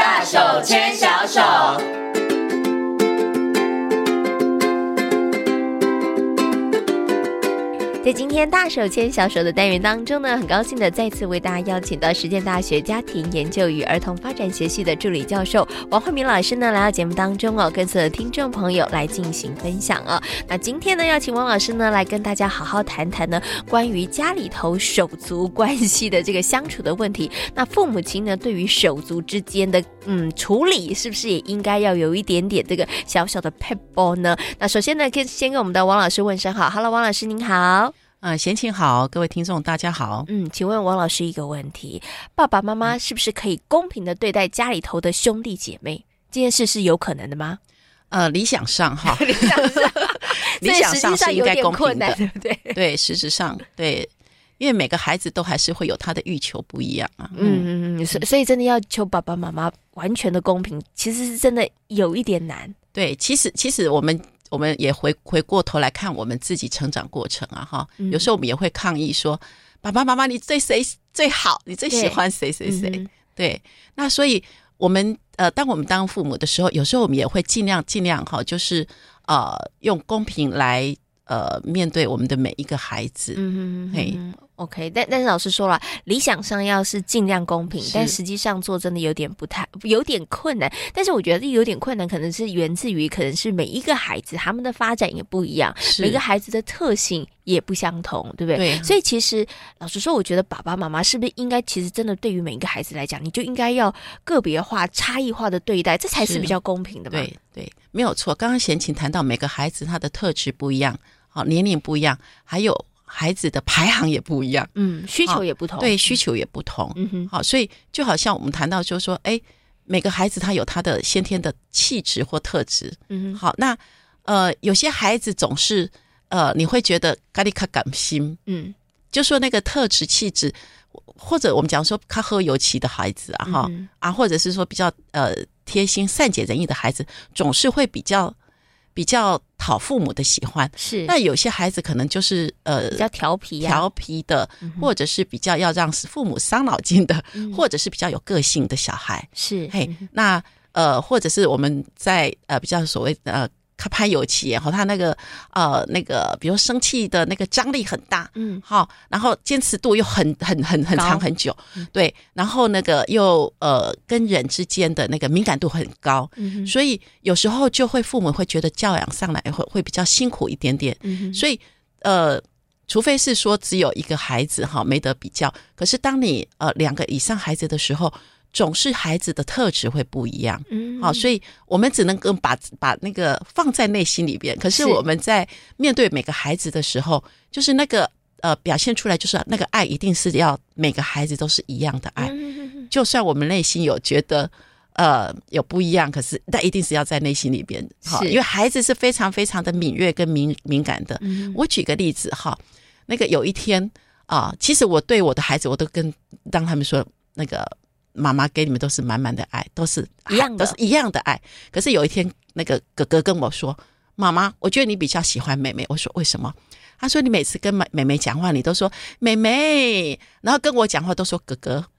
大手牽小手。在今天大手牽小手的單元當中呢，很高興的再次為大家邀請到實踐大學家庭研究與兒童發展學系的助理教授王慧敏老師呢來到節目當中哦，跟所有的聽眾朋友來進行分享哦。那今天呢要請王老師呢來跟大家好好談談呢關於家裡頭手足關係的這個相處的問題。那父母親呢對於手足之間的嗯處理，是不是也應該要有一點點這個小小的配 e 呢？那首先呢，可以先跟我們的王老師問聲好哈嘍，Hello, 王老師您好。啊，閒情好，各位聽眾大家好。嗯，請問王老師一個問題：爸爸媽媽是不是可以公平的對待家裡頭的兄弟姐妹？嗯、這件事是有可能的嗎？呃，理想上哈， 理想上，理想 上是應該公平的。對不對？對，事實上，對，因為每個孩子都還是會有他的慾求不一樣啊。嗯嗯嗯，所以真的要求爸爸媽媽完全的公平，其實是真的有一點難。對，其實，其實我們。我們也回回過頭來看我們自己成長過程啊，哈、嗯哼，有時候我們也會抗議說：“爸爸媽媽，你對誰最好？你最喜歡誰誰誰？”對，嗯、對，那所以我們呃，當我們當父母的時候，有時候我們也會盡量盡量哈、哦，就是呃，用公平來呃面對我們的每一個孩子。嗯嗯嗯。嘿。OK，但但是老師說了，理想上要是盡量公平，是但實際上做真的有點不太，有點困難。但是我覺得這有點困難，可能是源自於，可能是每一個孩子他們的發展也不一樣，是每個孩子的特性也不相同，對不對？對，所以其實老實說，我覺得爸爸媽媽是不是應該，其實真的對於每一個孩子來講，你就應該要個別化、差異化的對待，這才是比較公平的嘛。對對，沒有錯。剛剛賢琴談到，每個孩子他的特質不一樣，好，年齡不一樣，還有。孩子的排行也不一樣，嗯，需求也不同。哦，對，需求也不同。嗯哼，好，哦，所以就好像我們談到就是說，哎，每個孩子他有他的先天的氣質或特質。嗯哼，好，那呃，有些孩子總是呃，你會覺得咖喱卡感性，嗯，就說那個特質氣質，或者我們講說他喝油漆的孩子啊哈、嗯、哼啊，或者是說比較呃貼心、善解人意的孩子，總是會比較。比較討父母的喜歡，是，那有些孩子可能就是呃比較調皮啊、調皮的，嗯、哼或者是比較要讓父母傷腦筋的，嗯、或者是比較有個性的小孩，是嘿 Hey,、嗯、哼那呃或者是我們在呃比較所謂呃。他拍有氣也好，他那個呃那個，比如生氣的那個張力很大，嗯，好，然後堅持度又很很很很長很久，嗯、對，然後那個又呃跟人之間的那個敏感度很高，嗯哼，所以有時候就會父母會覺得教養上來會會比較辛苦一點點，嗯哼，所以呃，除非是說只有一個孩子哈，沒得比較，可是當你呃兩個以上孩子的時候。總是孩子的特質會不一樣，嗯哼，好、哦，所以我們只能跟把把那個放在內心裡邊。可是我們在面對每個孩子的時候，是就是那個呃表現出來，就是那個愛一定是要每個孩子都是一樣的愛。嗯、哼就算我們內心有覺得呃有不一樣，可是那一定是要在內心裡邊。好、哦，是因為孩子是非常非常的敏銳跟敏敏感的。嗯、哼我舉個例子哈、哦，那個有一天啊、呃，其實我對我的孩子，我都跟當他們說那個。媽媽給你們都是滿滿的愛，都是一樣的，都是一樣的愛。可是有一天，那個哥哥跟我說：“媽媽，我覺得你比較喜歡妹妹。”我說：“為什麼？”他說：“你每次跟妹妹講話，你都說妹妹，然後跟我講話都說哥哥。 ”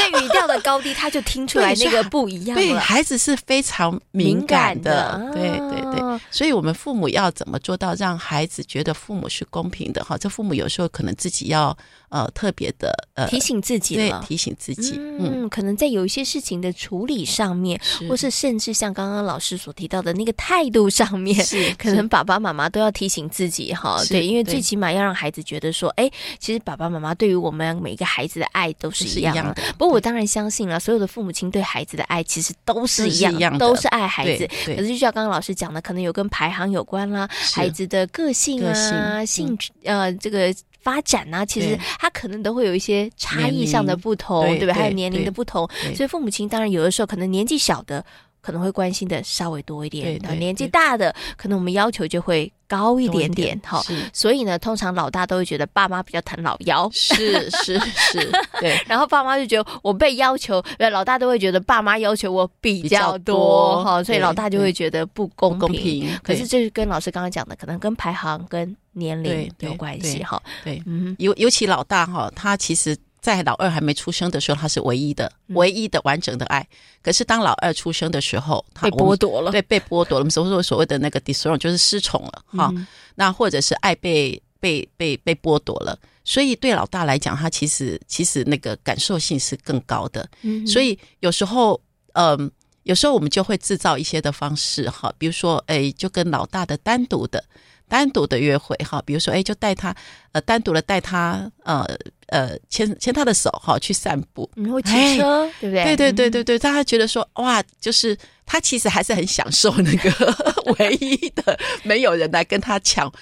那語調的高低，他就聽出來那個不一樣對、啊。對，孩子是非常敏感的，敏感的對對對，對。所以我們父母要怎麼做到讓孩子覺得父母是公平的？哈，這父母有時候可能自己要。呃，特別的呃，提醒自己了，提醒自己，嗯，可能在有一些事情的處理上面，或是甚至像剛剛老師所提到的那個態度上面，可能爸爸媽媽都要提醒自己哈，對，因為最起碼要讓孩子覺得說，哎，其實爸爸媽媽對於我們每一個孩子的愛都是一樣的。不過我當然相信了，所有的父母親對孩子的愛其實都是一樣，都是愛孩子。可是就像剛剛老師講的，可能有跟排行有關啦，孩子的個性啊、興趣呃這個發展啊，其實。他可能都會有一些差異上的不同，名對吧？對，還有年齡的不同，所以父母親當然有的時候可能年紀小的可能會關心的稍微多一點，對，對，年紀大的可能我們要求就會。高一點點哈，所以呢，通常老大都會覺得爸媽比較疼老幺，是 是是，是，對。然後爸媽就覺得我被要求，老大都會覺得爸媽要求我比較多哈，哦，所以老大就會覺得不公平。可是這是跟老師剛剛講的，可能跟排行跟年齡有關係哈。對，尤、嗯、哼尤其老大哈，他其實。在老二還沒出生的時候，他是唯一的、唯一的完整的愛。嗯、可是當老二出生的時候，他被剝奪了。對，被剝奪了。我們所，所所謂的那個 disown 就是失寵了哈。嗯、那或者是愛被被被被剝奪了。所以對老大來講，他其實其實那個感受性是更高的。嗯、哼所以有時候，嗯、呃，有時候我們就會制造一些的方式哈，比如說，誒，就跟老大的單獨的、單獨的約會哈，比如說，誒，就帶他呃，單獨的帶他呃。呃，牽牽他的手哈，去散步，然後騎車，哎、對不對？對對對對對，大家覺得說哇，就是他其實還是很享受那個 唯一的沒有人來跟他搶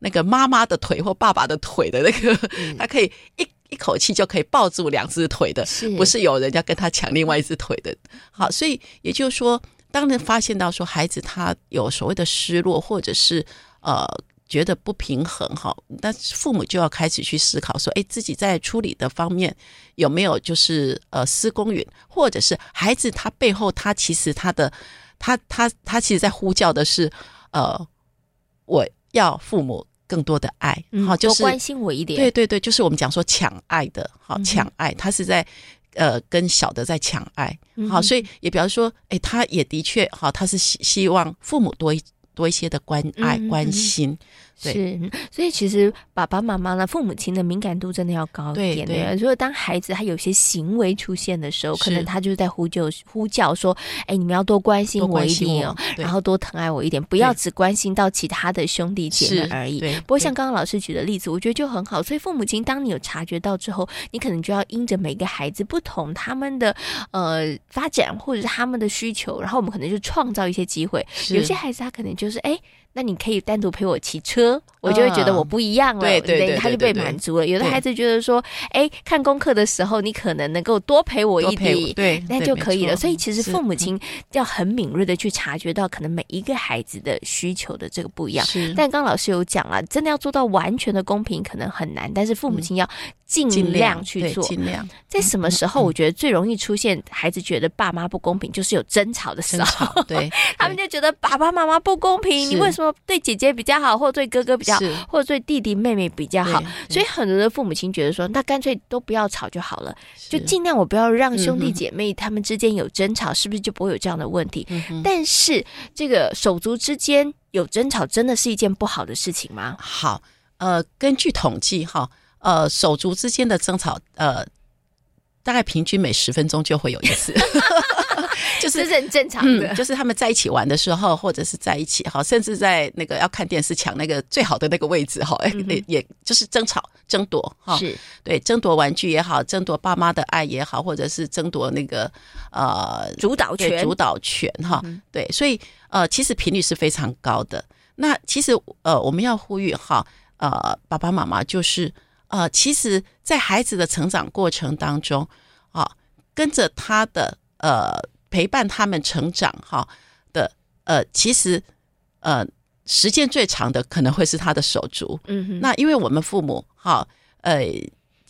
那個媽媽的腿或爸爸的腿的那個，嗯、他可以一一口氣就可以抱住兩隻腿的，是、不是有人要跟他搶另外一隻腿的。好，所以也就是說，當人發現到說孩子他有所謂的失落，或者是呃。覺得不平衡哈，但父母就要開始去思考說，哎，自己在處理的方面有沒有就是呃失公允，或者是孩子他背後他其實他的他他他其實在呼叫的是呃我要父母更多的愛哈，嗯、就是關心我一點，對對對，就是我們講說搶愛的哈，搶愛，嗯、哼他是在呃跟小的在搶愛哈，嗯、哼所以也比方說，哎，他也的確哈，他是希希望父母多一。多一些的關愛、嗯嗯嗯關心。對是，所以其實爸爸媽媽呢，父母親的敏感度真的要高一點。所以當孩子他有些行為出現的時候，是可能他就在呼救、呼叫說：“哎，你們要多關心我一點哦，然後多疼愛我一點，不要只關心到其他的兄弟姐妹而已。對”不過像剛剛老師舉的例子，我覺得就很好。所以父母親，當你有察覺到之後，你可能就要因着每個孩子不同他們的呃發展或者是他們的需求，然後我們可能就創造一些機會。是有些孩子他可能就是哎。那你可以單獨陪我騎車，嗯、我就會覺得我不一樣了，對對對，對，對，對，對，對，對，他就被滿足了。有的孩子覺得說，哎對，看功課的時候，你可能能夠多陪我一點，對，對那就可以了。所以其實父母親要很敏銳的去察覺到，可能每一個孩子的需求的這個不一樣。是但剛，剛老師有講了，真的要做到完全的公平可能很難，但是父母親要盡量去做。嗯、盡量，盡量在什麼時候，我覺得最容易出現孩子覺得爸媽不公平，就是有爭吵的時候，對，對 他們就覺得爸爸媽媽不公平，是你為什麼說對姐姐比較好，或對哥哥比較好，是，或對弟弟妹妹比較好，所以很多的父母親覺得說，那乾脆都不要吵就好了，是就盡量我不要讓兄弟姐妹他們之間有爭吵，是，是不是就不會有這樣的問題？嗯、哼但是這個手足之間有爭吵，真的是一件不好的事情嗎？好，呃，根據統計哈、哦，呃，手足之間的爭吵，呃。大概平均每十分鐘就會有一次，就是很正常的、嗯。就是他們在一起玩的時候，或者是在一起哈，甚至在那個要看電視搶那個最好的那個位置哈，也就是爭吵、爭奪哈，嗯哼哦、是對爭奪玩具也好，爭奪爸媽的愛也好，或者是爭奪那個呃主導權、主導權哈，哦嗯、對，所以呃，其實頻率是非常高的。那其實呃，我們要呼籲哈，呃，爸爸媽媽就是。呃，其實，在孩子的成長過程當中，啊，跟着他的呃陪伴他們成長哈、啊、的呃，其實呃時間最長的可能會是他的手足。嗯哼。那因為我們父母哈、啊、呃，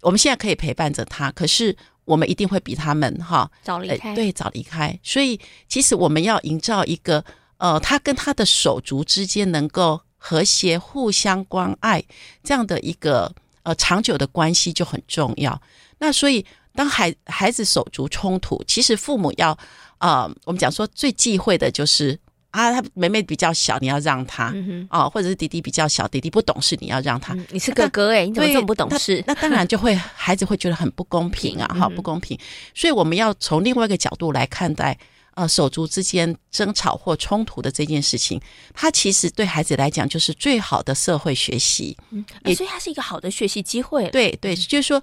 我們現在可以陪伴着他，可是我們一定會比他們哈、啊、早離開。呃，對，早離開。所以，其實我們要營造一個呃，他跟他的手足之間能夠和諧互相關愛這樣的一個。呃，長久的關係就很重要。那所以當，當孩孩子手足衝突，其實父母要啊、呃，我們講說最忌諱的就是啊，他妹妹比較小，你要讓他哦、嗯哼呃，或者是弟弟比較小，弟弟不懂事，你要讓他。嗯、你是哥哥誒他你怎麼這麼不懂事？那，那當然就會 孩子會覺得很不公平啊，哈，不公平。所以我們要從另外一個角度來看待。啊，手足之間爭吵或衝突的這件事情，他其實對孩子來講就是最好的社會學習，也、嗯啊、所以它是一個好的學習機會。對對，嗯、就是說，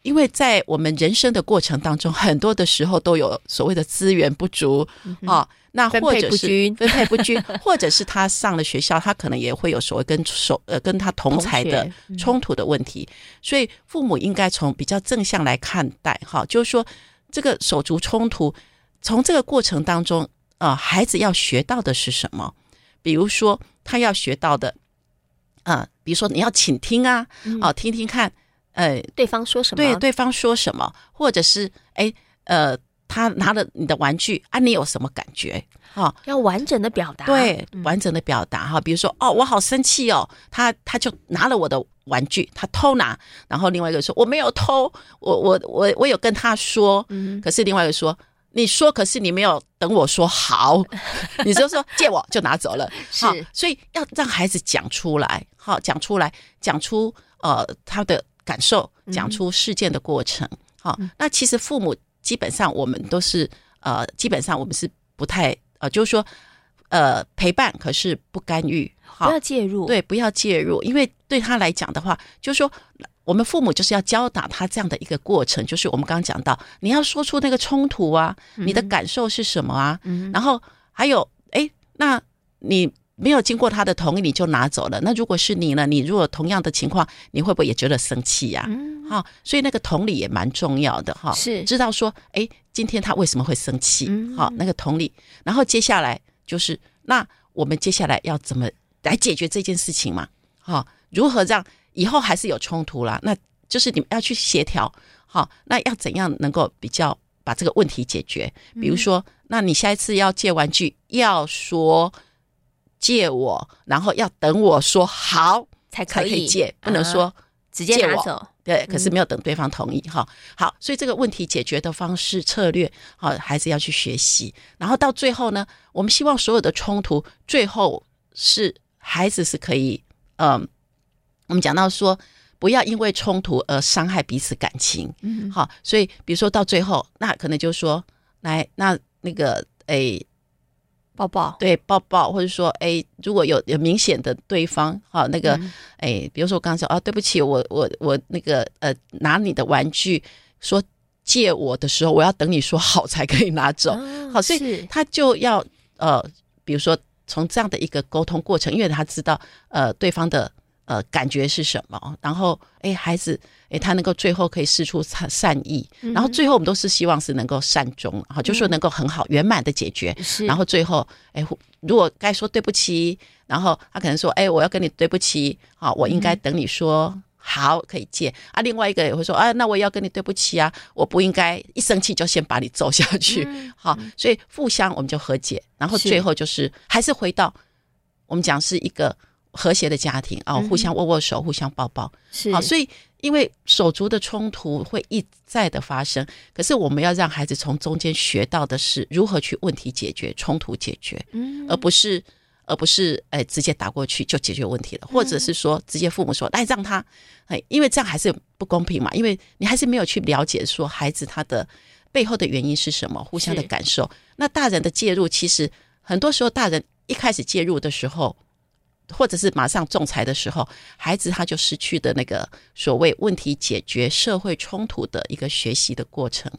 因為在我們人生的過程當中，很多的時候都有所謂的資源不足啊、嗯哼哦，那或者是不均， 分配不均，或者是他上了學校， 他可能也會有所謂跟手呃跟他同儕的衝突的問題，嗯、所以父母應該從比較正向來看待哈、哦，就是說這個手足衝突。從這個過程當中，呃，孩子要學到的是什麼？比如說，他要學到的，啊、呃，比如說你要傾聽啊，嗯、哦，聽聽看，呃，對方說什麼？對，對方說什麼？或者是，哎，呃，他拿了你的玩具啊，你有什麼感覺？哈、哦，要完整的表達，對，完整的表達哈。嗯、比如說，哦，我好生氣哦，他他就拿了我的玩具，他偷拿，然後另外一個說我沒有偷，我我我我有跟他說，可是另外一個說。嗯嗯你說，可是你沒有等我說好，你就說借我就拿走了。 是、哦，所以要讓孩子講出來，好講出來，講出呃他的感受，講出事件的過程。好、嗯哦，那其實父母基本上我們都是呃，基本上我們是不太啊、呃，就是說呃陪伴，可是不干預，哦、不要介入，對，不要介入，因為對他來講的話，就是說。我們父母就是要教導他這樣的一個過程，就是我們剛剛講到，你要說出那個衝突啊，嗯、你的感受是什麼啊，嗯、然後還有，哎，那你沒有經過他的同意你就拿走了，那如果是你呢，你如果同樣的情況，你會不會也覺得生氣呀、啊嗯哦？所以那個同理也蠻重要的哈，哦、是知道說，哎，今天他為什麼會生氣？好、嗯哦，那個同理，然後接下來就是那我們接下來要怎麼來解決這件事情嘛？好、哦，如何讓？以後還是有衝突啦，那就是你們要去協調，好、哦，那要怎樣能夠比較把這個問題解決？比如說，嗯、那你下一次要借玩具，要說借我，然後要等我說好才可以借，以呃、不能說我直接拿走。對，可是沒有等對方同意哈、嗯哦。好，所以這個問題解決的方式策略，好、哦，孩子要去學習。然後到最後呢，我們希望所有的衝突最後是孩子是可以，嗯、呃。我們講到說，不要因為衝突而傷害彼此感情。嗯哼，好，所以比如說到最後，那可能就說，來，那那個誒，欸、抱抱。對，抱抱，或者說誒、欸，如果有有明顯的對方，好，那個誒、嗯欸，比如說我剛才講啊，對不起，我我我那個呃，拿你的玩具說借我的時候，我要等你說好才可以拿走。好，所以他就要、哦、呃，比如說從這樣的一個溝通過程，因為他知道呃，對方的。呃，感覺是什麼？然後，哎，孩子，哎，他能夠最後可以釋出善善意，嗯、然後最後我們都是希望是能夠善終，好、嗯，就說能夠很好圓滿的解決。是然後最後，哎，如果該說對不起，然後他可能說，哎，我要跟你對不起，好、哦，我應該等你說、嗯、好可以見。啊，另外一個也會說，啊，那我也要跟你對不起啊，我不應該一生氣就先把你揍下去。好、嗯哦，所以互相我們就和解，然後最後就是，是還是回到我們講是一個。和諧的家庭啊、哦，互相握握手，嗯、互相抱抱。是啊、哦，所以因為手足的衝突會一再的發生，可是我們要讓孩子從中間學到的是如何去問題解決、衝突解決，嗯、而不是而不是哎直接打過去就解決問題了，或者是說直接父母說哎、嗯、讓他哎，因為這樣還是不公平嘛，因為你還是沒有去了解說孩子他的背後的原因是什麼，互相的感受。是那大人的介入，其實很多時候大人一開始介入的時候。或者是馬上仲裁的時候，孩子他就失去的那個所謂問題解決、社會衝突的一個學習的過程。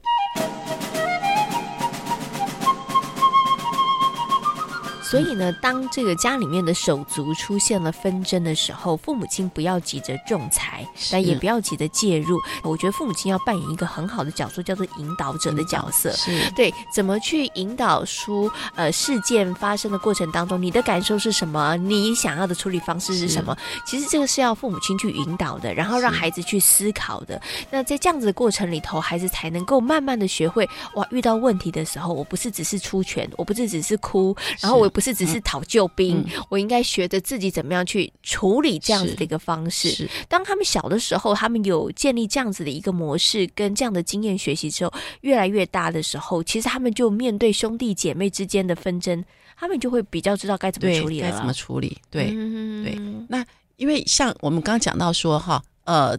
所以呢，當這個家裡面的手足出現了紛爭的時候，父母親不要急着仲裁，是但也不要急着介入。我覺得父母親要扮演一個很好的角色，叫做引導者的角色。是對，怎麼去引導出呃事件發生的過程當中，你的感受是什麼？你想要的處理方式是什麼？是其實這個是要父母親去引導的，然後讓孩子去思考的。是那在這樣子的過程裡頭，孩子才能夠慢慢的學會，哇，遇到問題的時候，我不是只是出拳，我不是只是哭，然後我也不是。是，只是討救兵。嗯嗯、我應該學着自己怎麼樣去處理這樣子的一個方式。當他們小的時候，他們有建立這樣子的一個模式跟這樣的經驗學習之後，越來越大的時候，其實他們就面對兄弟姐妹之間的紛爭，他們就會比較知道該怎麼處理了，該怎麼處理。對、嗯、哼哼對。那因為像我們剛剛講到說哈，呃，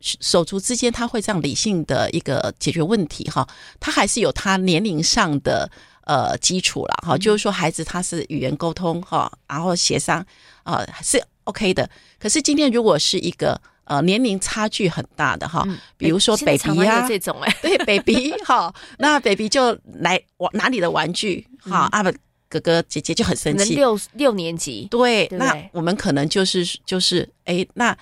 手足之間他會這樣理性的一個解決問題哈，他還是有他年齡上的。呃，基礎了哈，就是說孩子他是語言溝通哈，然後協商啊、呃、是 OK 的。可是今天如果是一個呃年齡差距很大的哈，比如說 baby 啊、嗯、誒常常這種哎、欸， 對 baby 哈、 哦，那 baby 就來我拿你的玩具好，啊不、嗯啊，哥哥姐姐就很生氣，六六年級對，對對那我們可能就是就是哎那。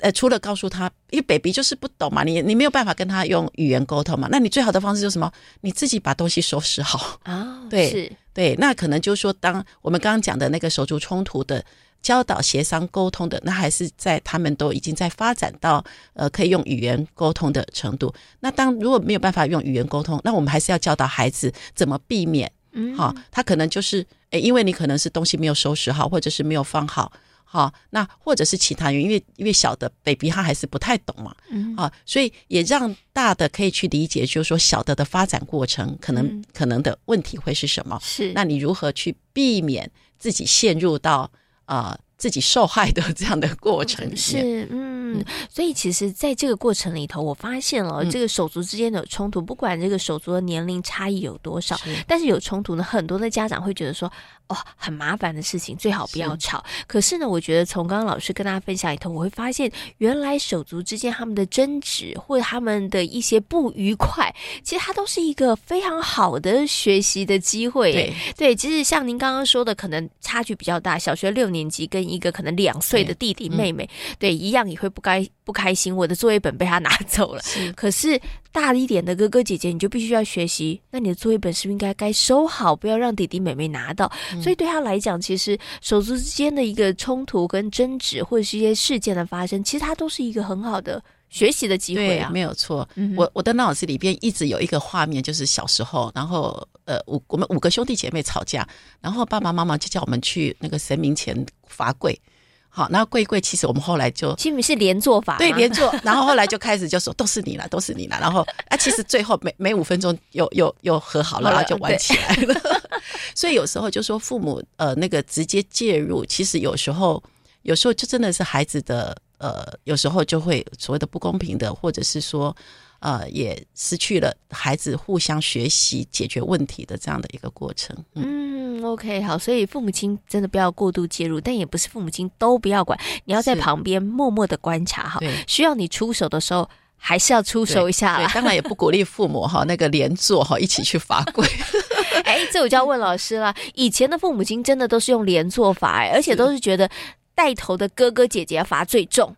呃，除了告訴他，因為 baby 就是不懂嘛，你你沒有辦法跟他用語言溝通嘛，那你最好的方式就是什麼？你自己把東西收拾好啊，哦、對是對，那可能就是說，當我們剛剛講的那個手足衝突的教導、協商、溝通的，那還是在他們都已經在發展到呃可以用語言溝通的程度。那當如果沒有辦法用語言溝通，那我們還是要教導孩子怎麼避免，嗯，好，他可能就是誒因為你可能是東西沒有收拾好，或者是沒有放好。好、哦，那或者是其他原因，因為因為小的 baby 他還是不太懂嘛，嗯、啊，所以也讓大的可以去理解，就是說小的的發展過程可能、嗯、可能的問題會是什麼？是，那你如何去避免自己陷入到啊？呃自己受害的這樣的過程是嗯，是嗯嗯，所以其實，在這個過程裡頭，我發現了、嗯、這個手足之間的衝突，不管這個手足的年齡差異有多少，是但是有衝突呢，很多的家長會覺得說，哦，很麻煩的事情，最好不要吵。是可是呢，我覺得從剛剛老師跟大家分享裡頭，我會發現，原來手足之間他們的爭執或者他們的一些不愉快，其實它都是一個非常好的學習的機會。對，對，其實像您剛剛說的，可能差距比較大，小學六年級跟一個可能兩歲的弟弟妹妹，對，嗯、對，一樣也會不開不開心。我的作業本被他拿走了，是，可是大一點的哥哥姐姐，你就必須要學習。那你的作業本是不是應該該收好，不要讓弟弟妹妹拿到？嗯、所以對他來講，其實手足之間的一個衝突跟爭執，或者是一些事件的發生，其實他都是一個很好的學習的機會啊。對，沒有錯，我我的腦子裡邊一直有一個畫面，就是小時候，然後。呃，我我們五個兄弟姐妹吵架，然後爸爸媽，媽媽就叫我們去那個神明前罰跪，好，那跪跪，其實我們後來就，其實是連坐法，對，連坐，然後後來就開始就說 都是你啦，都是你啦。然後啊，其實最後每每五分鐘又又又和好了，後來然後就玩起來了。對 所以有時候就說父母呃那個直接介入，其實有時候有時候就真的是孩子的呃，有時候就會所謂的不公平的，或者是說。呃，也失去了孩子互相學習解決問題的這樣的一個過程。嗯，嗯，OK，好，所以父母親真的不要過度介入，但也不是父母親都不要管，你要在旁邊默默的觀察哈。需要你出手的時候，還是要出手一下啦。對，對，當然也不鼓勵父母哈， 那個連坐哈一起去罰跪。哎， 這我就要問老師了。以前的父母親真的都是用連坐法，是而且都是覺得帶頭的哥哥姐姐罰最重。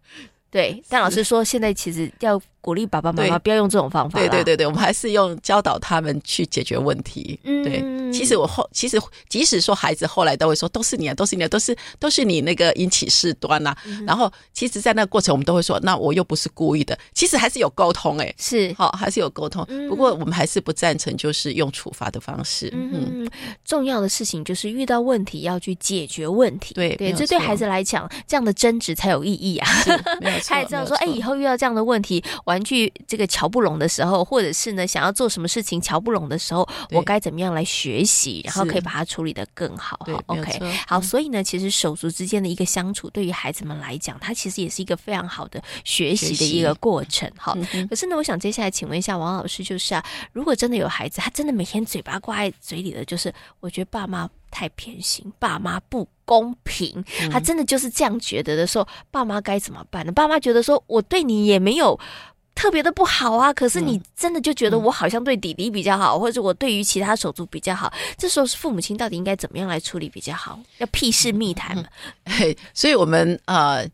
對，但老師說現在其實要鼓勵爸爸媽媽不要用這種方法對。對對對對，我們還是用教導他們去解決問題。嗯、對，其實我後其實即使說孩子後來都會說都是你啊，都是你啊，都是都是你那個引起事端啊。嗯、哼然後其實，在那個過程我們都會說，那我又不是故意的。其實還是有溝通哎、欸，是好、哦、還是有溝通。不過我們還是不贊成就是用處罰的方式。嗯，重要的事情就是遇到問題要去解決問題。對對，這對，對孩子來講這樣的爭執才有意義啊。是 他也知道說，哎、欸，以後遇到這樣的問題，玩具這個喬不攏的時候，或者是呢，想要做什麼事情喬不攏的時候，對我該怎麼樣來學習，是然後可以把它處理得更好哈。對 OK，、嗯、好，所以呢，其實手足之間的一個相處，對於孩子們來講，它其實也是一個非常好的學習的一個過程哈。可是呢，我想接下來請問一下王老師，就是啊，如果真的有孩子，他真的每天嘴巴掛在嘴裡的，就是我覺得爸媽。太偏心，爸媽不公平，嗯、他真的就是這樣覺得的時候，爸媽該怎麼辦呢？爸媽覺得說我對你也沒有特別的不好啊，可是你真的就覺得我好像對弟弟比較好，嗯、或者我對於其他手足比較好，這時候父母親到底應該怎麼樣來處理比較好？要屁事密談、嗯嗯嘿，所以我們呃，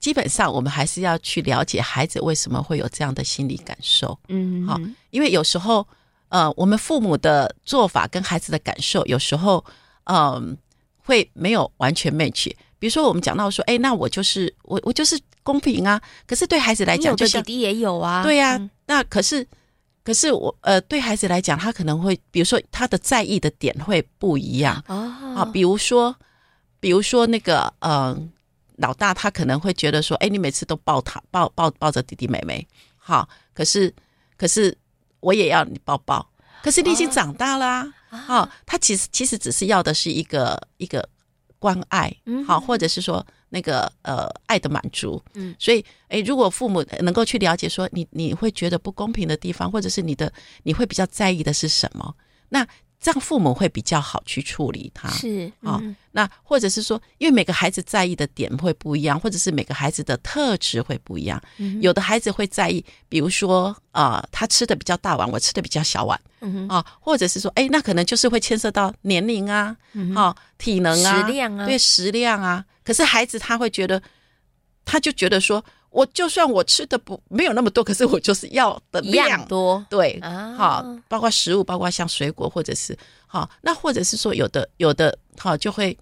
基本上我們還是要去了解孩子為什麼會有這樣的心理感受。嗯，好、哦，嗯、因為有時候。呃，我們父母的做法跟孩子的感受有時候，嗯、呃，會沒有完全 match 比如說，我們講到說，哎、欸，那我就是我，我就是公平啊。可是對孩子來講，你的弟弟也有啊。對啊，嗯、那可是，可是我呃，對孩子來講，他可能會，比如說，他的在意的點會不一樣、哦、啊。比如說，比如說那個，嗯、呃，老大他可能會覺得說，哎、欸，你每次都抱他，抱抱抱着弟弟妹妹，好，可是，可是。我也要你抱抱，可是你已經長大啦，啊哦，啊、哦，他其實其實只是要的是一個一個關愛，好、嗯哼，或者是說那個呃愛的滿足，嗯，所以誒，如果父母能夠去了解說你你會覺得不公平的地方，或者是你的你會比較在意的是什麼，那。這樣父母會比較好去處理他，是啊、嗯哦。那或者是說，因為每個孩子在意的點會不一樣，或者是每個孩子的特質會不一樣。嗯、哼有的孩子會在意，比如說啊、呃，他吃的比較大碗，我吃的比較小碗，啊、嗯哼哦，或者是說，哎，那可能就是會牽涉到年齡啊，好、嗯哼哦，體能啊，食量啊，對，食量啊。可是孩子他會覺得，他就覺得說。我就算我吃的不，沒有那麼多，可是我就是要的量，量多，對，好、哦哦，包括食物，包括像水果，或者是好、哦，那或者是說有的有的好、哦、就會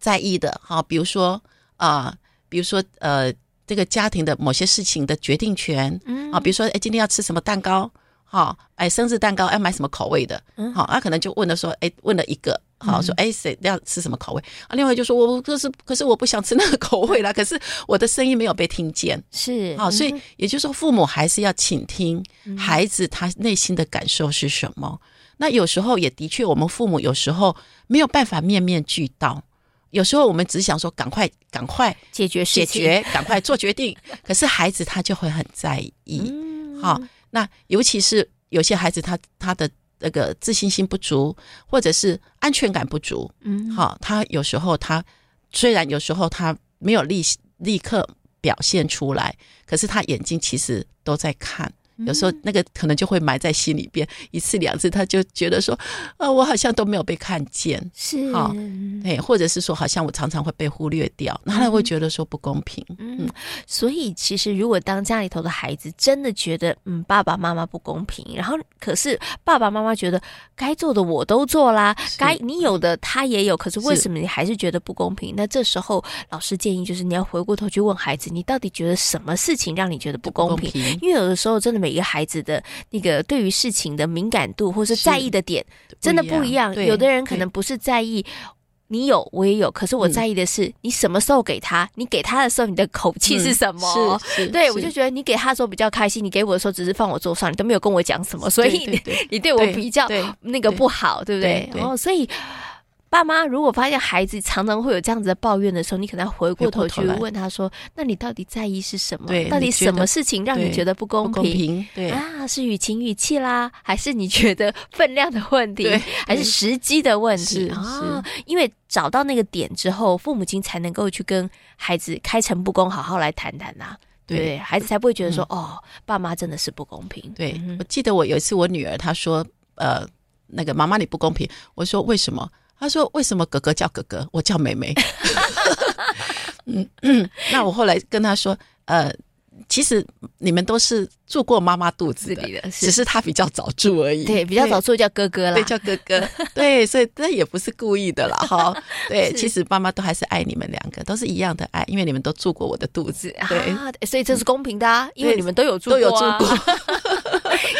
在意的，好、哦，比如說啊、呃，比如說呃，這個家庭的某些事情的決定權，嗯、哦、啊，比如說誒今天要吃什麼蛋糕，好、哦，誒、哎、生日蛋糕要、哎、買什麼口味的，好、哦，那、啊、可能就問了說，誒，問了一個。好說，哎，誰要吃什麼口味？啊，另外就說，我可、就是可是我不想吃那個口味啦，可是我的聲音沒有被聽見，是啊，所以也就是說，父母還是要傾聽孩子他內心的感受是什麼。嗯、那有時候也的確，我們父母有時候沒有辦法面面俱到。有時候我們只想說，趕快趕快解決解決事情，趕快做決定。 可是孩子他就會很在意。嗯嗯好，那尤其是有些孩子他，他他的。那個自信心不足，或者是安全感不足，嗯，好，哦，他有時候他雖然有時候他沒有立立刻表現出來，可是他眼睛其實都在看。有時候那個可能就會埋在心裡邊，嗯、一次兩次他就覺得說，啊、呃，我好像都沒有被看見，是，啊哎、哦欸，或者是說好像我常常會被忽略掉，然後他會覺得說不公平，嗯，嗯，所以其實如果當家裡頭的孩子真的覺得，嗯，爸爸媽媽不公平，然後可是爸爸媽媽覺得該做的我都做啦，該是你有的他也有，可是為什麼你還是覺得不公平？是那這時候老師建議就是你要回過頭去問孩子，你到底覺得什麼事情讓你覺得不公平？不公平因為有的時候真的。每一個孩子的那個對於事情的敏感度，或是在意的點，真的不一樣。有的人可能不是在意你有我也有，可是我在意的是你什麼時候給他，你給他的時候你的口氣是什麼？對，我就覺得你給他的時候比較開心，你給我的時候只是放我桌上，你都沒有跟我講什麼，所以你對我比較那個不好，對不對？哦，所以。爸媽如果發現孩子常常會有這樣子的抱怨的時候，你可能要回過頭去問他說：“那你到底在意是什麼？對到底什麼事情讓你覺得不公平？對,平對啊，是語情語氣啦，還是你覺得分量的問題，對對還是時機的問題是是、哦、因為找到那個點之後，父母親才能夠去跟孩子開誠布公，好好來談談吶。對,對孩子才不會覺得說、嗯、哦，爸媽真的是不公平。對我記得我有一次我女兒她說呃，那個媽媽你不公平，我說為什麼？”他說：“為什麼哥哥叫哥哥，我叫妹妹？” 嗯嗯，那我後來跟他說：“呃，其實你們都是。”住過媽媽肚子裡的，只是他比較早住而已。對，比較早住叫哥哥啦。對，叫哥哥。對，所以這也不是故意的啦，哈。對，其實媽媽都還是愛你們兩個，都是一樣的愛，因為你們都住過我的肚子。對啊，所以這是公平的，啊，因為你們都有住過。都有住過。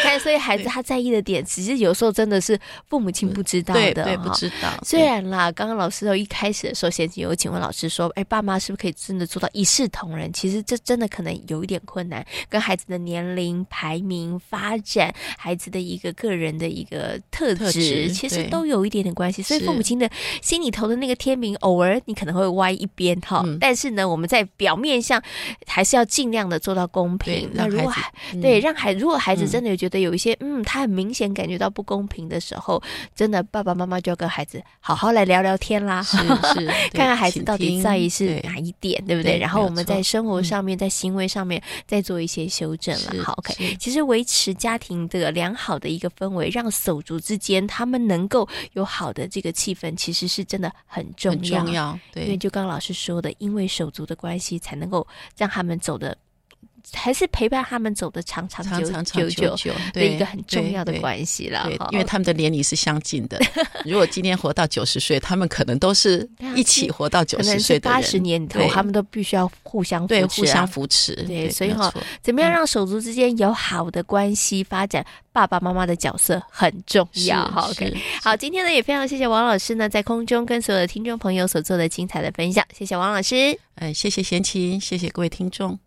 看，所以孩子他在意的點，其實有時候真的是父母親不知道的。對，不知道。雖然啦，剛剛老師都一開始的時候，先有請問老師說，哎，爸媽是不是可以真的做到一視同仁？其實這真的可能有一點困難，跟孩子的年齡。零排名發展孩子的一個個人的一個特質，其實都有一點點關係。所以父母親的心裡頭的那個天平，偶爾你可能會歪一邊哈。但是呢，我們在表面上還是要盡量的做到公平。那如果還對讓孩，如果孩子真的有覺得有一些，嗯，他很明顯感覺到不公平的時候，真的爸爸媽媽就要跟孩子好好來聊聊天啦。是是，看看孩子到底在意是哪一點，對不對？然後我們在生活上面，在行為上面再做一些修正了。好，okay、的其實維持家庭的良好的一個氛圍，讓手足之間他們能夠有好的這個氣氛，其實是真的很重要。很重要，對，因為就剛剛老師說的，因為手足的關係，才能夠讓他們走得。還是陪伴他們走得長長久久久久久，一個很重要的關係了。對，因為他們的年齡是相近的。 如果今天活到九十歲，他們可能都是一起活到九十歲的人，八十年頭，頭對他們都必須要互相扶持、啊、對互相扶持。對，所以哈，錯怎麼樣讓手足之間有好的關係、嗯、發展？爸爸媽媽的角色很重要。好是，OK，好，今天呢也非常謝謝王老師呢在空中跟所有的聽眾朋友所做的精彩的分享。謝謝王老師。嗯、哎，謝謝賢琴，謝謝各位聽眾。